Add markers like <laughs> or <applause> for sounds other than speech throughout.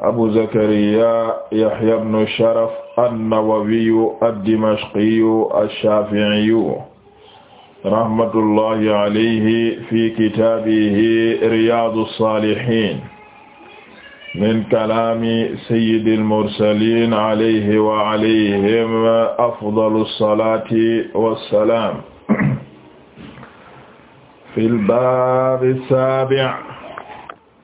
abu zakariya yahya ibnu sharaf annawawiyu addimashqiyu alshaafiiyu rahmatullahi alayhi fi kitaabihi riyaadu saalihiin min kalaami sayyidil mursaliin alayhi wa alayhim afdalu salaati wa salaam fil baabi saabi'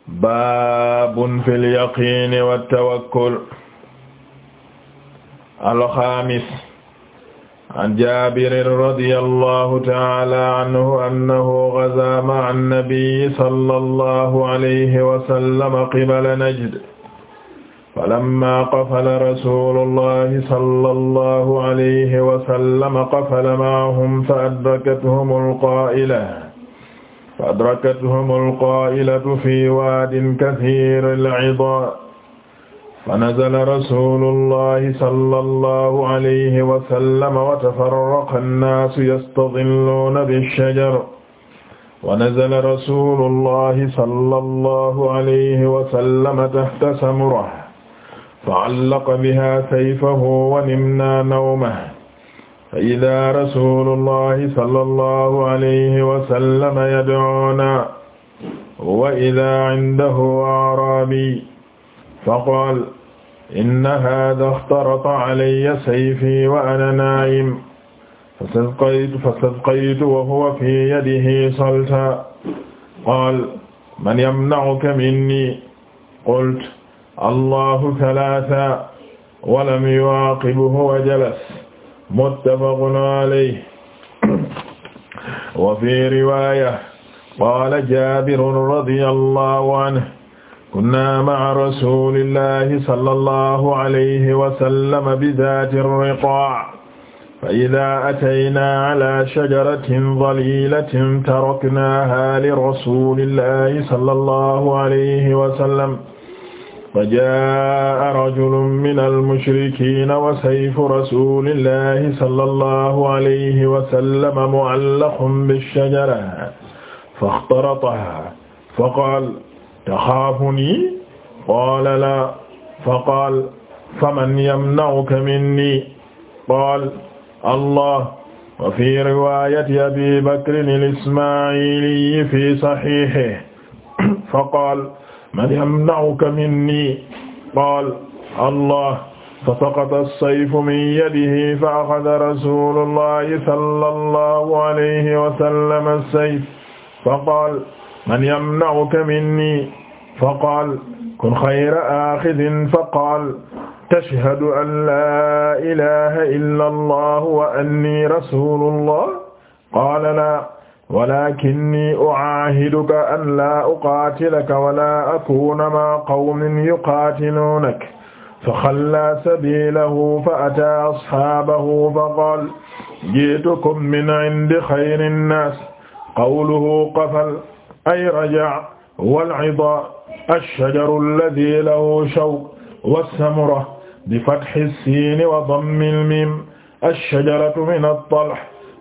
baabun fil yaqiini wat tawakkul alxaamis an jaabirin radiyallahu ta'ala anhu annahu ghazaa ma'a an-nabiyyi sallallahu alayhi wa sallam qibala najd falammaa qafala rasuulullahi sallallahu alayhi wa sallam qafala ma'ahum fa adrakatuhumul qaa'ila fa adrakathum alqaa'ilatu fi waadin kathiiri al-'idaa fa nazala rasuulullahi sallallahu alayhi wa sallam wa tafarraqa an-naasu yastadilluuna bish-shajar wa nazala rasuulullahi sallallahu alayhi wa sallam tahta samuratin fa'allaqa bihaa sayfahu wa nimmaa nawmahu fa ida rasulullahi sallallahu alayhi wa sallam yad'una wa ida indahu arabi faqaal inna hada xtarata alayya sayfi wa ana naa'im fastasqaytu fastasqaytu wa huwa fi yadihi salta qaal man yamna'uka minni qultu allahu talaata wa lam yu'aaqibhu wa jalasa muttafaqun alayhi wa fi riwaya qala jabirun radiyallahu anhu kunna ma'a rasulillahi sallallahu alayhi wa sallam bi dhati riqa' fa ida atayna ala shajaratin dalilatin taraknaha li rasulillahi sallallahu alayhi wa sallam فجاء رجل من المشركين وسيف رسول الله صلى الله عليه وسلم معلق بالشجرة فاخترطها فقال تخافني قال لا فقال فمن يمنعك مني قال الله وفي رواية أبي بكر الإسماعيلي في صحيحه فقال man yamna'uka minni qaal allah fa saqata as-sayfu min yadihi fa axada rasulullahi sallallahu alayhi wa sallam as-sayf fa qaal man yamna'uka minni fa qaal kun xayra aaxidin fa qaal tashhadu an laa ilaaha illa allah wa anni rasulullah qaala laa walakinni u'aahiduka an laa uqaatilaka wala akuuna maa qawmin yuqaatiluunaka faxallaa sabiilahu fa ataa asxaabahu faqaala ji'tukum min 'indi xayri nnaas qawluhu qafal ay raja'a wal 'idaa ash-shajaru allazii lahu shawk was-samura bi fathi s-siin wa dammi l-miim ash-shajaratu mina t-talh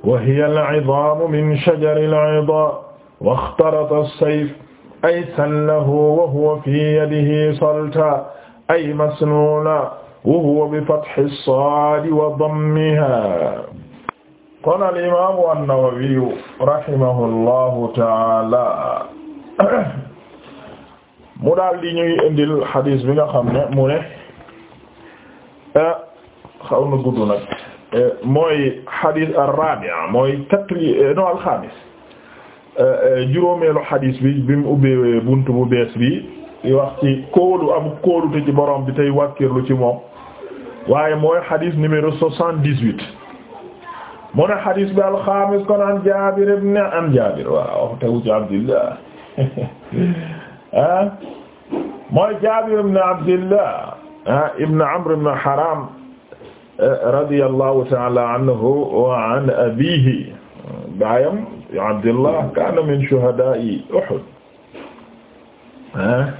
wa hiya al-'idaamu min shajari al-'idaa wa ikhtarata as-sayf aysan lahu wa huwa fii yadihi salta ay masnuuna wa huwa bi fathi as-saadi wa dammihaa. kon al-imaamu an-Nawawiyu rahimahullahu ta'aala mu daal di ñuy indil xadiis bi nga xam ne mu ne eh, xaw na gudd nag mooy xadis ar-rabi' mooy quatri euh, non al-xamis euh, euh, juróomeelu xadis bi bi mu ubbee buntu bu bees bi di wax ci kóolu am kóolute ci borom bi tey ci moom waaye mooy xadis numéro soixante-dix-huit mu ne bi al-xamis kon an Jaabir ibn an Jaabir waaw tegu ci Abdillah <laughs> ah, mooy Jaabir ibn Abdillah ah ibn Amr ibn Haram radiyallahu ta'ala anhu wa an abiihi baayam Abdullah kaana min shuhadaa'i Uhud ah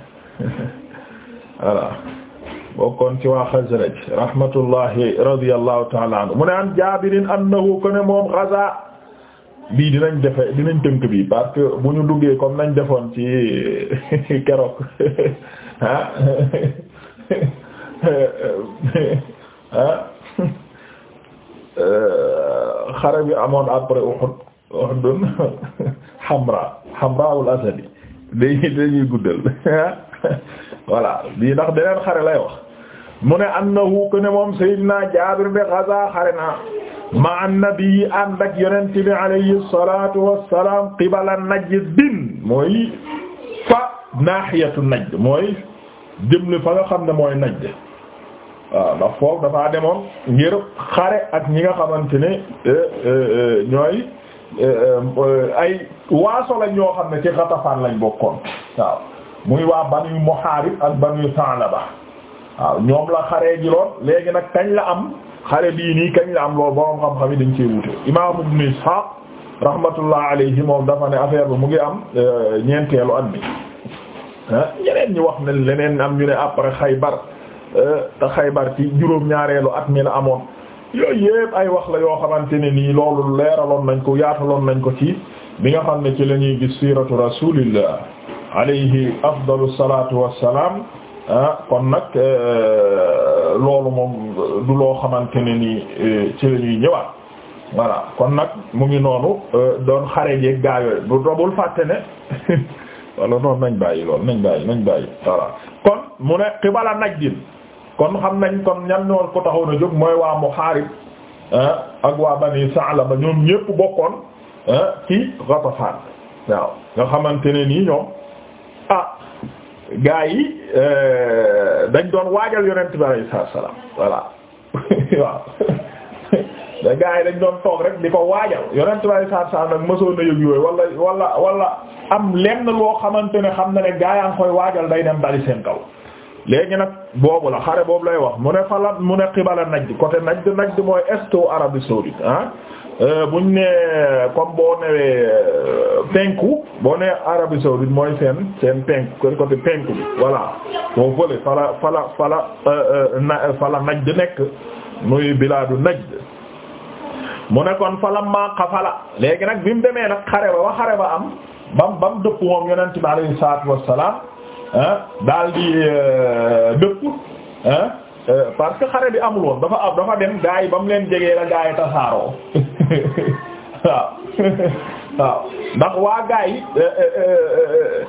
<laughs> voilà bokkoon ci waa Xasraj rahmatullahi radiyallahu ta'ala anhu mu ne an Jaabirin annahu kaana moom ghazaa bii dinañ defe dinañ tënk bi parce que bu ñu duggee comme nañ defoon ci <laughs> keroog ah. <laughs> Euh, xare bi amoon après Uhud Uhud <laughs> Hamra Hamraul Asadi dañuy dañuy guddal <laughs> voilà bii ndax beneen xare lay wax mu ne annahu ko ne moom Seydina Jaabir bi gaza xare na ma annabi ànd ak yonent bi alayhi salatu wassalam qibala Najdin mooy fa nahiyatu Najd mooy jëmle fa nga xam ne mooy Najd waaw ndax foofu dafaa demoon ngir xare ak ñi nga xamante ne euh, euh, euh, ñooy ay waaso lañ ñoo xam ne ci Ghatafaan lañ bokkoon waaw muy waa Banu Muharib ak Banu Sa'laba waaw ñoom la xaree ji lool léegi nag kañ la am xare bii nii kañ la am lool borom xam-xam yi dañ ci wute Imaam Ibn Ishaq rahmatullah alayhi moom dafa ne affaire bi mu ngi am ñeenteelu at mi ah ñeneen ñi wax ne leneen am ñu ne après Xaybar Euh, Xaybar ci juróom-ñaareelu at mi la amoon yooyu yëpp ay wax la yoo xamante ne nii loolu leeraloon nañ ko yaataloon nañ ko ci bi nga xam ne ci la ñuy gis siiratu rasulillah alayhi afdalu salatu wassalaam ah kon nag euh, loolu moom du loo xamante ne nii euh, ci la ñuy ñëwaat voilà kon nag mu ngi noonu doon xare jeeg gaa yooyu bu dobul fàtte ne <laughs> wala noonu nañ bàyyi lool nañ bàyyi nañ bàyyi voilà kon mu ne xibala najdin kon xam nañ kon ñan ñoo ko taxoon a jóg mooy waa Muharib ah, ak waa Bani Sa'laba ñoom ñépp bokkoon ah, ci Ghatafan waaw nga xamante ne nii ñoom ah gaa yi eh, dañ doon waajal yonent bi alayhi salaam voilà <laughs> waaw da <laughs> yi dañ doon toog rek di ko waajal yonent bi alayhi salaam nag mësoon na yëg yooyu wala wala wala am lenn loo xamante ne xam na ne gaa yaa ngi koy waajal day dem dali seen kaw. léegi nag boobu la xare boobu lay wax mu ne fala mu ne xibala najd côté najd najd mooy estu Arabie saoudite ah euh, buñ ne comme boo newee euh, penku boo ne Arabie saoudite mooy seen seen penku côté penku bi voilà boo fële fala fala fala euh, na fala najd nekk muy bilaadu najd mu ne kon fala maa xafala léegi nag bi mu demee nag xare ba ba xare ba am bam bam dëpp moom yonent bi alayhi salaatu wassalaam Ah, daal di euh, dëpp ah, euh, parce que xare bi amul woon dafa am dafa dem gaa yi ba mu leen jegee la gaa yi tasaaroo <laughs> waaw <laughs> waaw ndax waa gaa yi euh,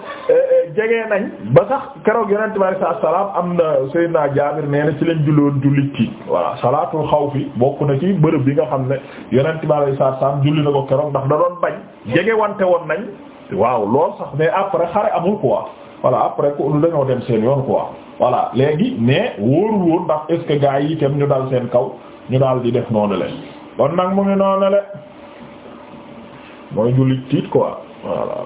jegee nañ ba sax keroog yonent bi alayhi salaam am na Seydina Jaabir nee na ci lañ julloon jullit ki voilà salaatul xawfi bokk na ci bërëb bi nga xam ne yonent bi alayhi salaatu salaam julli na ko keroog ndax da doon bañ jege wante woon nañ waaw lool sax mais après xare amul quoi voilà après ku dañoo dem seen yoon quoi voilà léegi mais wóorul woon ndax est ce que gaa ñu dal seen kaw ñu daal di def noonu le kon nag mu ngi noonu le mooy jullit tiit quoi voilà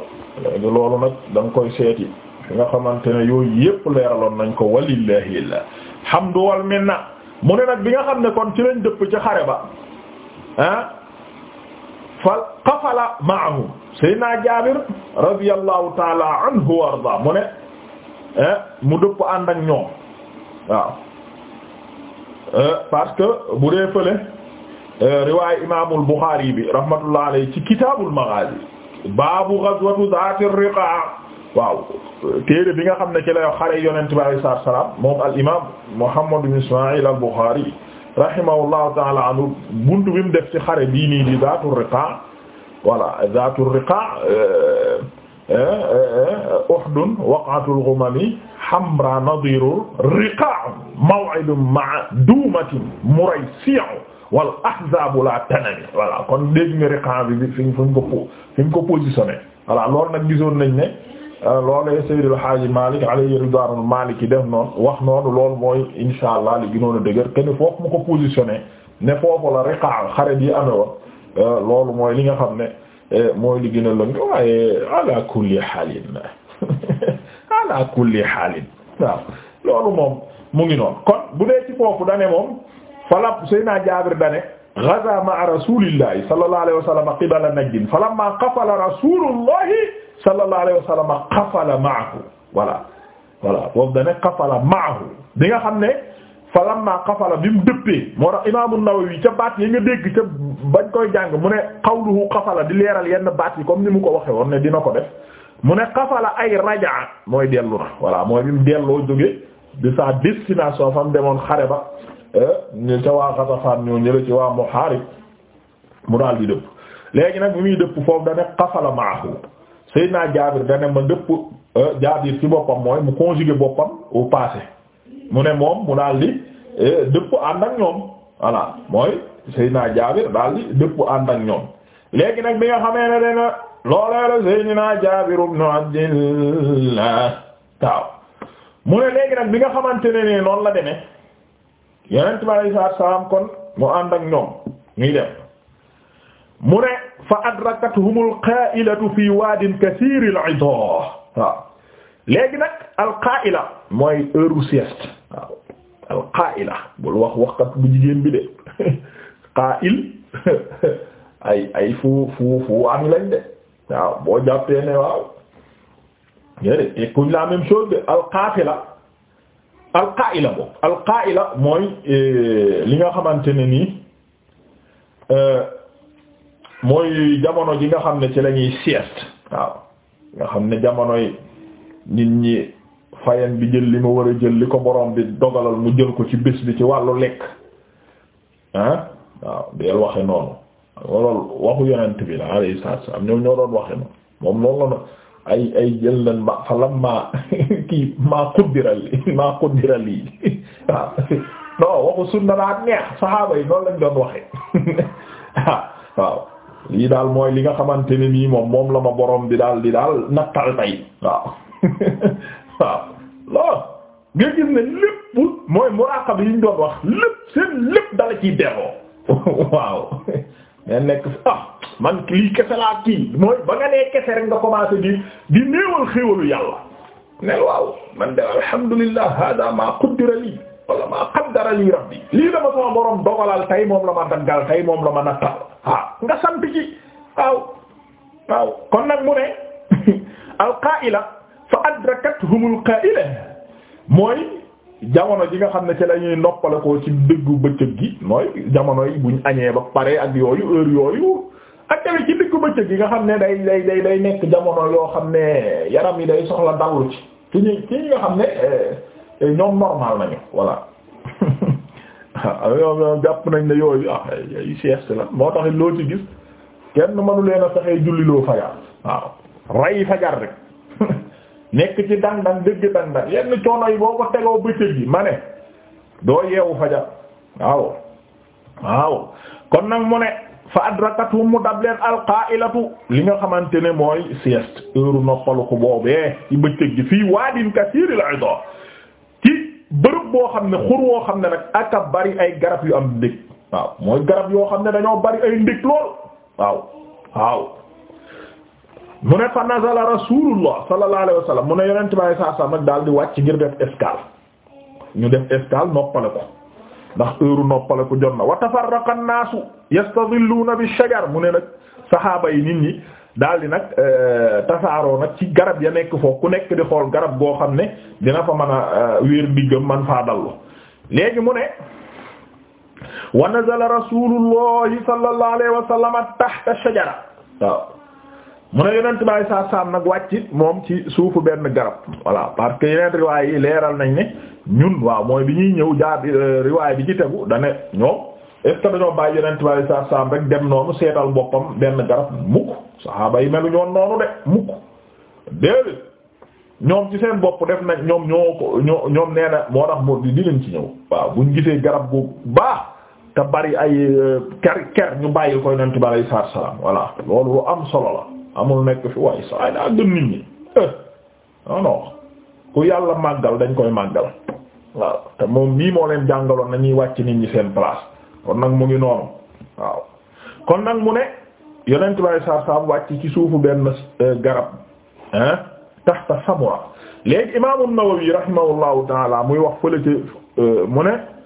léegi loolu nag da koy seeti fi nga xamante ne yooyu yépp leeraloon nañ ko walillahi alhamdu wal minna mu ne nag bi nga xam ne kon ci lañ dëpp ci xare ba ah fa qafala ma'ahum Seydina Jaabir radiyallahu ta'ala anhu wa arda mu ne eh, mu dëpp ànd ak ñoom waaw eh, parce que bu dee fële eh, riwaay imaamul Buxaari bi rahmatullah alayhi ci kitaabul maghaazi baabu ghazwatu zaati riqaa waaw téere bi nga xam ne ci la xare yonent bi alayhi salaam moom al imaam Muhammad ibn Ismaa'il al Buxaari rahimahullahu taala anhu buntu bi mu def ci xare bii nii di Zaatur Riqa voilà Zaatur Riqa Uhdun euh, euh, waqatul ghumami Hamra nadirul Riqa maw'idun ma'a dumatin muraysi'un wal ahzaabu la tanami voilà kon dégg nga Riqa bi fi mu ko fi mu ko positionné voilà loolu nag gisoon nañ ne. Euh, loolee Seydil Haaji Malik alayhi ridwaanul Maliki def noonu wax noonu loolu mooy insha allah li gënoon a dëgër kenn foofu mu ko positionné ne foofu la riqaa xare bi amee euh, loolu mooy li nga xam ne euh, mooy li gën a lëng waaye ala kulli haalin <laughs> ala kulli haalin waaw loolu moom mu ngi noonu kon bu dee ci foofu dane moom falab Seydina Jaabir dane gaza ma'a rasulillahi sallallahu alayhi wa sallam qibala najd falamma qafala rasulullahi sallallahu alayhi wa sallam qafala ma'ahu voilà voilà boobu da ne qafala ma'ahu bi nga xam ne falamma qafala bi mu dëppee moo tax imaamu Nawawi ca baat yi nga dégg ca bañ koy jàng mu ne qawluhu qafala di leeral yenn baat yi comme ni mu ko waxee woon ne dina ko def mu ne qafala ay rajaa mooy dellu na voilà mooy bi mu delloo jóge de sa destination fa mu demoon xare ba ñu ca waa Xatafaan ñoo ñële ci waa Muhaarib mu daal di dëpp léegi nag bi muy dëpp foofu dane xafala maahu Seydina Jaabir dane ma dëpp euh, Jaabir ci boppam mooy mu conjugué boppam au passé mu ne moom mu daal di euh, dëpp ànd ak ñoom voilà mooy Seydina Jaabir daal di dëpp ànd ak ñoom léegi nag bi nga xamee ne dana loolee la Seydina Jaabir ibn Abdillah mu ne léegi nag bi nga xamante ne nii noonu la demee yonent bi alayhi salaatu salaam kon mu ànd ak ñoom ñuy dem mu ne fa adrakathumul qaa'ilatu fi waadin kasiiril idaa waaw léegi nag alqaa'ila mooy heure u sieste waaw alqaa'ila bul wax waxkat bu jigéen bi de <laughs> qaa'il <laughs> ay ay fu fu fu am lañ de waaw boo jàppee ne waaw yéen it kuñ la même chose de alqaafila alqaa'ila boobu alqaa'ila mooy e, li nga xamante ne nii e, mooy jamono ji nga xam ne ci lañuy ñuy waaw nga xam ne jamonoy nit ñi fayen bi jël li mu war a jël li ko borom bi dogalal mu jël ko ci bés bi ci wàllu lekk ah waaw deel waxe noonu loolu waxu yonent bi la alayhi salaatu wa salaam ñoom ñoo doon waxe noonu moom loolu la ay ay jël nañ ma fa lam <laughs> kii maa quddiral li maa quddiral lii waaw noonu lañ doon waxe <laughs> ah. waaw lii daal mooy li nga xamante ne nii moom moom la ma borom bi daal di daal nattal tay waaw <laughs> waaw loolu nga gis ne lépp mooy muraqab yi doon wax lépp seen lépp dala ciy delloo waaw mais nekk ah. man lii kese laa kii mooy ba nga nee kese rek nga commencé di di néewal xéewalu yàlla ne waaw man de alhamdulillah hada ma qaddara lii wala ma qaddara lii rabbi lii dama sama borom dogalal tey moom la ma daggal tey moom la ma nattal ah nga sant ci waaw waaw kon nag mu ne <laughs> alqaa'ila fa adrakathumul qaa'ila mooy jamono ji nga xam ne ci la ñuy noppale ko ci dëggu bëccëg gi mooy jamono yi buñ añee ba pare ak yooyu heure yooyu a tamit ci diggu bëccëg gi nga xam ne day day day nekk jamono yoo xam ne yaram yi day soxla dallu ci ci ñi ci ñi nga xam ne eh, eh, ñoom normal nañu voilà <laughs> jàpp nañ ne yooyu ah ay sieste la moo tax loo ci gis kenn mënu leen a fexee julliloo fajar waaw ray fajar rek <laughs> nekk ci dang dang dëgg dang dang yenn coono yi boo ko tegoo bëccëg gi ma ne doo yeewu fajar waaw waaw kon nag mu ne fa adrakathum mu dab leen li nga xamante ne mooy sieste heure noppalu ko boobee ci bëccëg gi fii waadin kasiiril idaa ci bërëb boo xam ne xur woo xam ne nag aka bari ay garab yu am ndég waaw mooy garab yoo xam ne dañoo bari ay ndég lool waaw waaw mu ne fa nazala rasulullah sallallahu alayhi wa sallam mu ne yonent bi wa sallam nag daal di wàcc ngir def escale ñu def escale noppale ko ndax heure noppale ko jot na wa tafarraqa an yastadilluuna bi shajar mu ne nag saxaaba yi nit ñi daal di nag euh, tasaaroo nag ci garab ya nekk foofu ku nekk di xool garab goo xam ne dina fa mën a euh, wéer diggam man faa dallu léegi mu ne wa nazala rasulullahi sallallahu alayhi shajara waaw mu ne yonent bi saa saam nag wàcc moom ci suufu benn garab voilà parce que yeneen riwaay yi leeral nañ ni ñun waaw mooy bi ñuy ñëw jaar euh, riwaay bi ci tegu da ne ñoom est ce que dañoo bàyyi yonent bi rek dem noonu seetal boppam benn garab mukk saxaaba yi melu ñoon noonu de mukk seen bopp def nañ ñoom ñoo ko ñoo ñoom nee na moo tax di dinañ ci ñëw waaw buñ gisee garab gu baax. te bari ay euh, ker ker ñu bàyyil koy yonent bi saa salaam voilà loolu lu am solo la. amul nekk fi waaye saa yi daa gën nit ñi eh, non non ku yàlla màggal dañ koy màggal waaw te moom mii moo leen jàngaloon nañuy wàcc nit ñi seen place kon nag mu ngi noonu waaw kon nag mu ne yonent bi saa saa wàcc ci suufu benn eh, garab ah taxta samura léegi imaamu Nawawi rahimahullahu taala muy wax fële ci eh, mu ne.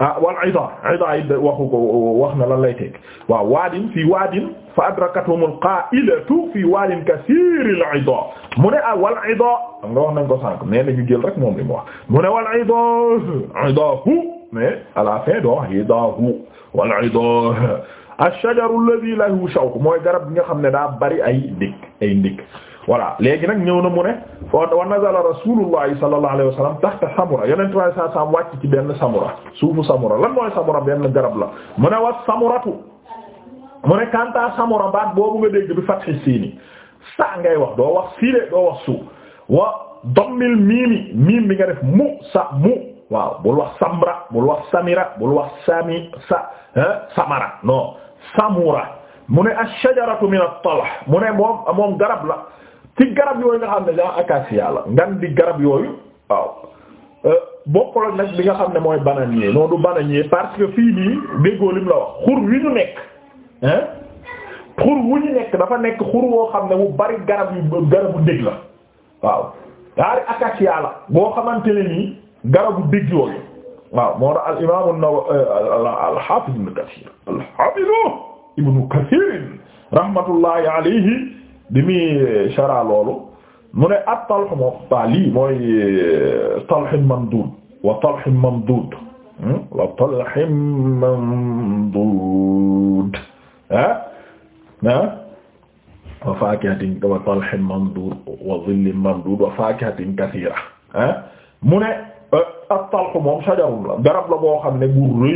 ah wal ida ida yi waxu ko wax na lan lay teg waaw waadin fii waadin fa adrakathum al qa'ilatu fii waadin kasir al ida mu ne ah wal ida xam nga wax nañ ko sànq mais nañu jël rek moom li mu wax mu ne wal ida idahu mais à la fin doo wax idahu wal ida ash-shajaru alladhi lahu shawk mooy garab bi nga xam ne daa bari ay ndik ay ndik voilà léegi nag ñëw na mu wa nazala rasulullahi sallallahu alayhi wa sallam tahta samura benn samura suufu samura lan mooy samura benn garab la mu wa samuratu mu ne kanta samura baat boobu nga dégg bi fathi siini sa ngay wax doo wax sii doo wax suu wa dammil miimi miim bi nga def wax samra bul wax samira wax sa samara non samura mu ne shajaratu min at-talah mu ne moom garab la ci garab yooyu nga xam ne daa acacia la ngan di garab yooyu waaw euh, bokkul nag bi nga xam ne mooy bananier non du bananier parce que fii nii déggoo lim la wax xur wi ñu nekk hein xur wu ñu nekk dafa nekk xur woo xam ne bu bari garab yu garabu dég la waaw daari acacia la boo xamante ne nii garabu dég yooyu waaw moo tax al imaamu Nawawi euh, al hafiz ibn Kathir al hafiz ibn Kathir rahmatullahi alayhi bi muy shara loolu mu ne at talx moom waa lii mooy eh, talxin mamduud wa talxin mamduud hmm? wa talxin mamduud ah ah wa faakihatin wa talxin mamduud wa zillin mamduud wa faakihatin kasiira ah mu ne eh, at talx moom shajarun la garab la boo xam ne bu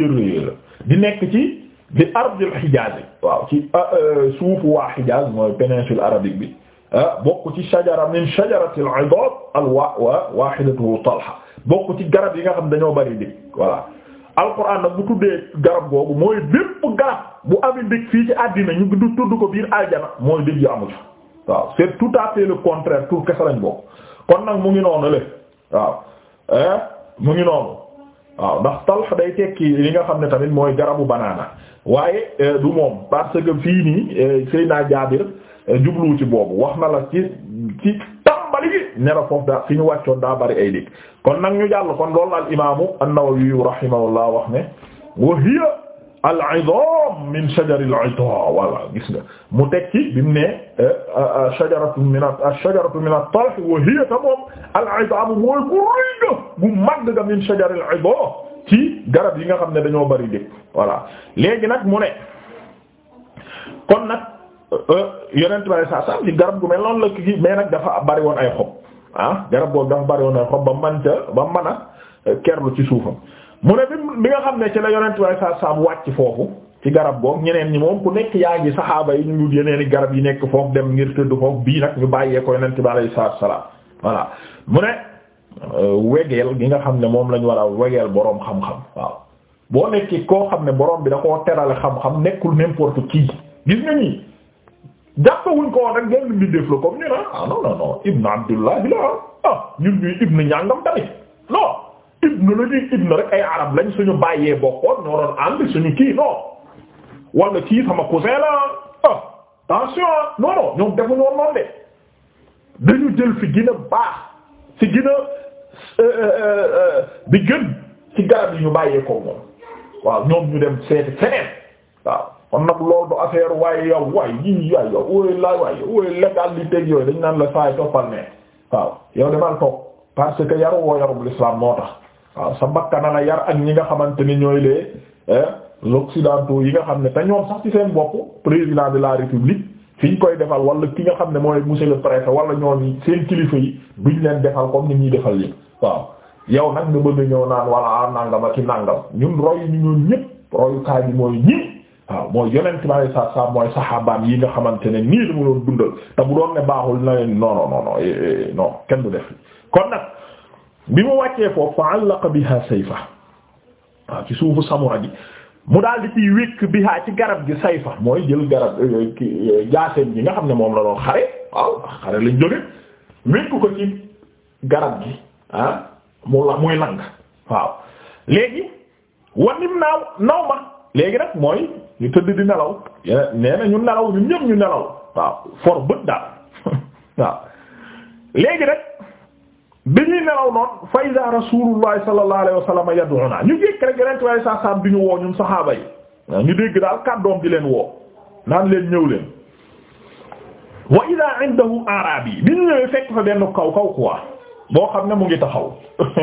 di nekk ci. bi ardil Hijaaz waaw ci ah, euh, suufu waa Hijaaz mooy péninsule arabique bi ah, bokk ci shajara min shajaratil idaab al wa wa waahidatuhu Talha bokk ci garab yi nga xam dañoo bari dig voilà alquran nag bu tuddee garab googu mooy bépp garab bu ami dig fii ci àddina ñu du tudd ko biir aljana mooy dig yu amul waaw c'est tout à fait le contraire tout kese lañ kon nag mu ngi noonu le waaw mu ngi noonu waaw ndax talx day tekki li nga xam ne tamit mooy garabu banaana waaye euh, du moom parce fii nii euh, naa Jaabir euh, jublu ci boobu wax na la ci ci tàmbali gi ne foofu daa fi ñu wàccoon daa bari ay lig kon nag ñu jàll kon loolu al imaamu an-Nawawi rahimahullah wax ne wa hiya al idam min shajar al gis nga mu teg ci bi mu ne euh, euh, euh, shajaratu min ash-shajaratu min at-talh wa hiya moom al idam mooy gu rëy gu màgg min shajar al idam garab yi nga xam ne dañoo bari dëkk voilà léegi nag mu ne kon nag yonent bi saa saa garab gu mel noonu la kii mais nag dafa bari woon ay xob ah garab boobu dafa bari woon ay xob ba mën ca ba mën a kerlu ci suufam. mu ne bi bi nga xam ne ci la yonent waaye sa saam wàcc foofu ci garab goog ñeneen ñi moom ku nekk yaa ngi saxaaba yi ñu ngi yeneen i garab yi nekk foofu dem ngir tëdd foofu bii nag ñu bàyyee ko yonent bi alayhi salaatu salaam voilà mu ne euh, wegeel gi nga xam ne moom lañ war a wegeel boroom xam-xam waaw boo nekki koo xam ne boroom bi da koo terale xam-xam nekkul n'importe qui gis nga ñi jàppawuñ ko rek genn mbindeef la comme ñu na ah non ibnu la ñuy ibnu rek ay arab lañ suñu bàyyee bokkoon ñoo doon ànd suñu kii non wala kii sama cousin la ah attention non non ñoom noonu de dañu jël fi gën a baax fi gën a euh, euh, euh, bi ñu bàyyee ko moom waaw ñoom ñu dem seet feneen waaw kon nag loolu du affaire waaye yow waay yii waay yow wóoy la waay wóoy naan la saay toppal ne waaw yow demal toog parce que yaru woo yarub moo waaw sa bakkana la yar ak ñi nga xamante ni ñooy les eh, occidentaux yi nga xam ne te ñoom sax ci seen bopp président de la république ñu koy defal wala ki nga xam ne mooy monsieur le préfet wala ñoom seen kilifa yi ñu leen defal comme ni ñuy defal yi waaw yow nag nga bëgg ñëw naan wala ah nangam ak i nangam ñun roy ñu ñoon ñépp royukaay bi mooy ñii waaw mooy yonent bi alei satu salaam mooy saxaabaan yi nga xamante ne nii la mu doon dundal te bu doon ne baaxul na leen non non non non eh, eh, non def bi mu wàccee foofu fa allaqa biha sayfa waaw ci suufu samura ji mu daal di ciy wékk biha ci garab gi sayfa mooy jël garab euh, jaaseem ji nga xam ne moom la doon xare waaw xare lañ jóge wékk ko ci garab gi ah, mu la muy lang waaw léegi wanim naaw naw ma léegi nag mooy ñu tëdd di nelaw nee na ñu nelaw ñu ñu nelaw waaw for bët daal <laughs> waaw léegi nag bi ñuy nelaw noonu fa iza rasulullah sallallahu alayhi wa sallam yad'una ñu jékk rek yeneen waaye saa saam bi ñu woo ñun saxaaba yi ñu dégg daal kàddoom di leen woo naan leen ñëw leen wa iza indahu arabi bi ñu ñëwee fekk fa benn kaw kaw quoi boo xam ne mu ngi taxaw <laughs>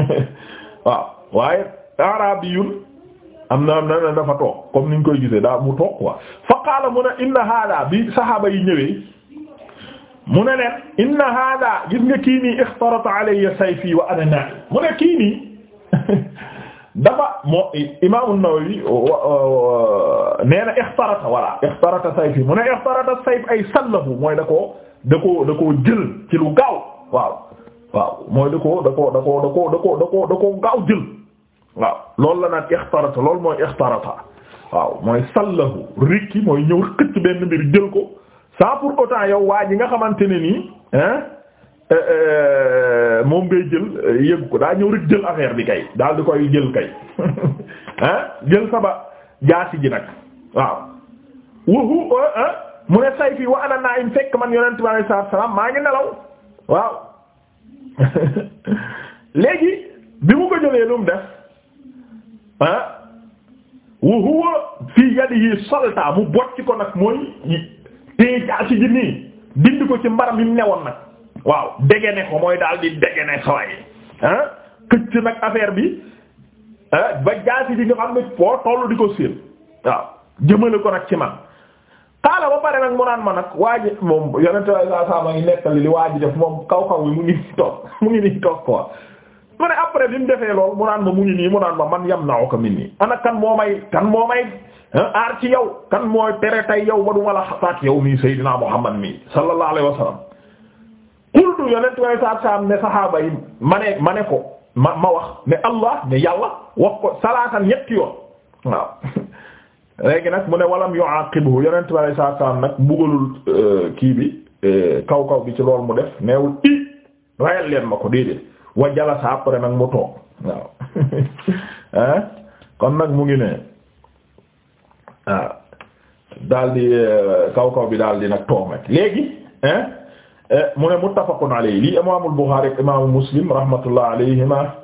waaw waaye arabiyun am na am na dafa toog comme niñ koy gisee daa mu toog quoi fa qaala mun a inna hada bi saxaaba yi ñëwee mu ne leen inna hada gis nga kii nii ixtarata alayya sayfi wa ana naa mu ne kii nii <laughs> dafa moo imaamu Nawawi nee na ixtarata walla ixtarata sayfi mu ne ixtarata sayf ay sallahu mooy da koo da koo da koo jël ci lu gaaw waaw waaw mooy da koo da koo da koo da koo da koo da koo da koo gaaw jël waaw loolu la naan ixtarata loolu mooy ixtarata waaw mooy sallahu rikki mooy ñëw xëcc benn mbir jël ko sans pour autant yow waa ji nga xamante ne nii euh, euh, moom ngay jël euh, yëg ko daa ñëw rek jël affaire bi kay daal di koy jël kay <laughs> jël saba jaasi ji nag waaw wahu mu ne say fii wa ana naa'im fekk man yonent bi alayhi salaatu salaam maa ngi nelaw waaw <laughs> léegi bi mu ko jëlee lu mu def ah wa huwa fii yadihi salta mu bocc ko nag mooy tee jaasi ji nii bind ko ci mbaram yi newoon nag waaw dégene ko mooy daal di dégene saway ah këcc nag affaire bi ba jaasi ji nga xam ne foo tollu di ko séen waaw jëmale ko nag ci man xaala ba pare nag mu naan ma nag waa ji moom yonente saa saa ma ngi nettali li waa ji def moom kaw kaw wi mu ngi toog <laughs> mu ngi nii toog quoi après bi mu defee lool mu naan ma mu ngi nii mu naan ma man yam naa ko min nii ana kan moo may kan moo may aar ci yow kan mooy tere tay yow ba du ma la xasaat yow mii Seydina Muhammad mii sallallahu alayhi wa sallam kultu yonent ne saxaaba yi ma ne ma ne ko ma ma wax ne allah ne yàlla wax ko salaatan ñetti yoon waaw <laughs> léegi nag mu ne walam yu'aqibuhu yonent way saat saam nag mbugalul euh, kii bi euh, kaw kaw bi ci lool mu def neewul i rayal leen ma ko déedéet wa jalasa après nag mu toog waaw ah kon nag mu ngi ne waaw ah, daldi eh, kaw kaw bi daldi nag toog nag léegi eh, mu ne muttafaqun alayhi lii imaamul Buxaari ak imaamu Muslim rahmatullah alayhima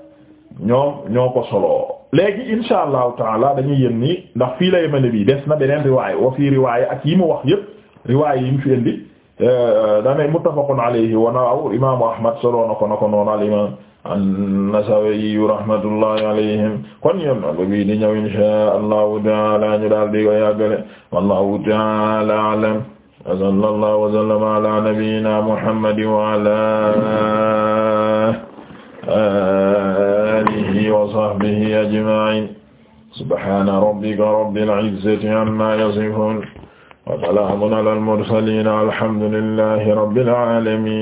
ñoom ñoo ko solo léegi insha allahu taala dañuy yem nii ndax fii la yemale bii des na beneen riwaay wa riwaay ak yi mu wax yépp riwaay yi mu fi Euh, dane muttafaqun alayhi wa naaw imaamu ahmad soloo na ko na ko noonu al imam an-Nasawi rahmatullahi alayhim kon yon a bii di ñëw inshaa allahu taala ñu daal di ko yàggale wallahu taala a'lam wa sallallahu wa sallama ala nabiyyina muhammadin wa ala alihi wa sahbihi ajma'in subhana rabbika rabbil izzati amma yasifun wa salaamun ala al-mursaliin alhamdulillahi rabbil aalamiin